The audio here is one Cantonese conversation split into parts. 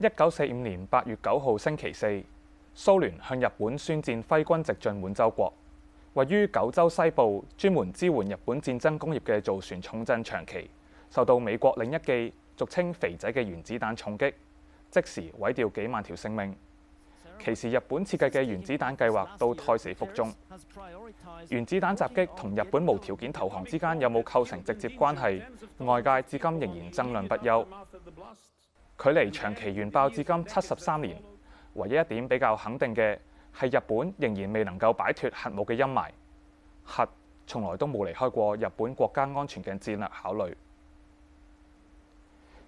一九四五年八月九號星期四，蘇聯向日本宣戰，揮軍直進滿洲國。位於九州西部、專門支援日本戰爭工業嘅造船重鎮長崎，受到美國另一記俗稱「肥仔」嘅原子彈重擊，即時毀掉幾萬條性命。其時日本設計嘅原子彈計劃都胎死腹中。原子彈襲擊同日本無條件投降之間有冇構成直接關係？外界至今仍然爭論不休。距離長崎原爆至今七十三年，唯一一點比較肯定嘅係日本仍然未能夠擺脱核武嘅陰霾。核從來都冇離開過日本國家安全嘅戰略考慮。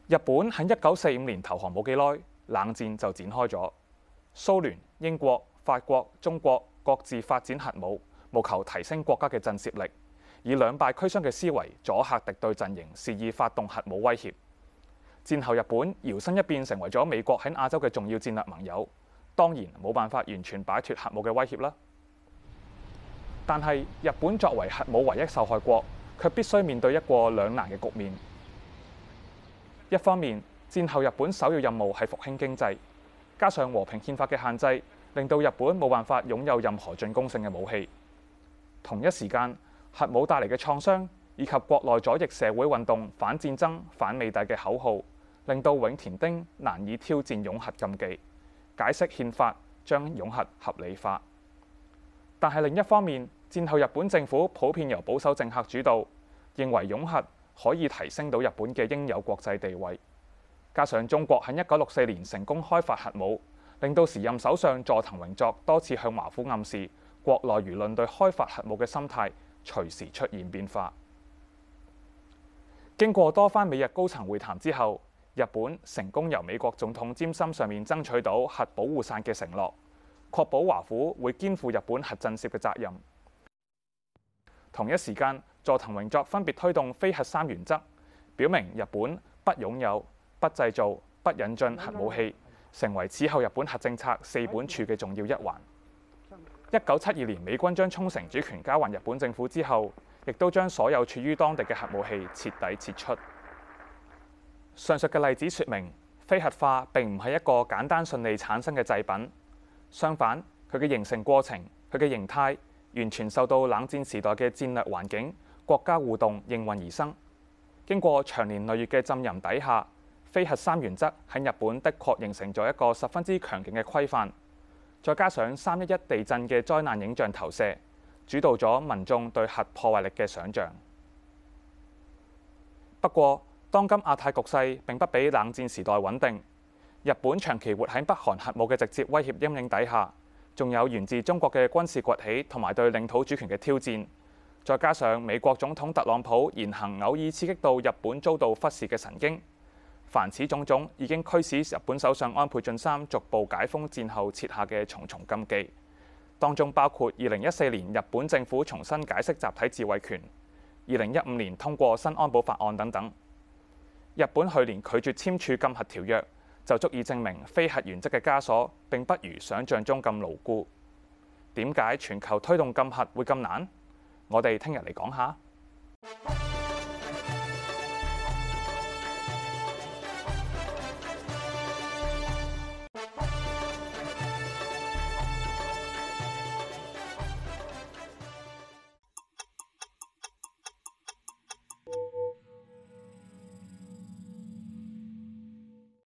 日本喺一九四五年投降冇幾耐，冷戰就展開咗。蘇聯、英國、法國、中國各自發展核武，務求提升國家嘅震懾力，以兩敗俱傷嘅思維阻嚇敵對陣營，肆意發動核武威脅。戰後日本搖身一變成為咗美國喺亞洲嘅重要戰略盟友，當然冇辦法完全擺脫核武嘅威脅啦。但係日本作為核武唯一受害國，卻必須面對一個兩難嘅局面。一方面，戰後日本首要任務係復興經濟，加上和平憲法嘅限制，令到日本冇辦法擁有任何進攻性嘅武器。同一時間，核武帶嚟嘅創傷。以及國內左翼社會運動反戰爭、反美帝嘅口號，令到永田町難以挑戰擁核禁忌。解釋憲法將擁核合理化，但係另一方面，戰後日本政府普遍由保守政客主導，認為擁核可以提升到日本嘅應有國際地位。加上中國喺一九六四年成功開發核武，令到時任首相佐藤榮作多次向華府暗示，國內輿論對開發核武嘅心態隨時出現變化。經過多番美日高層會談之後，日本成功由美國總統詹森身上面爭取到核保護傘嘅承諾，確保華府會肩負日本核震懾嘅責任。同一時間，佐藤榮作分別推動非核三原則，表明日本不擁有、不製造、不引進核武器，成為此後日本核政策四本柱嘅重要一環。一九七二年，美軍將沖繩主權交還日本政府之後，亦都將所有處於當地嘅核武器徹底撤出。上述嘅例子說明，非核化並唔係一個簡單順利產生嘅製品，相反，佢嘅形成過程、佢嘅形態，完全受到冷戰時代嘅戰略環境、國家互動應運而生。經過長年累月嘅浸淫底下，非核三原則喺日本的確形成咗一個十分之強勁嘅規範，再加上三一一地震嘅災難影像投射。主導咗民眾對核破壞力嘅想像。不過，當今亞太局勢並不比冷戰時代穩定。日本長期活喺北韓核武嘅直接威脅陰影底下，仲有源自中國嘅軍事崛起同埋對領土主權嘅挑戰，再加上美國總統特朗普言行偶爾刺激到日本遭到忽視嘅神經。凡此種種已經驅使日本首相安倍晉三逐步解封戰後設下嘅重重禁忌。當中包括二零一四年日本政府重新解釋集體自衛權，二零一五年通過新安保法案等等。日本去年拒絕簽署禁核條約，就足以證明非核原則嘅枷鎖並不如想像中咁牢固。點解全球推動禁核會咁難？我哋聽日嚟講下。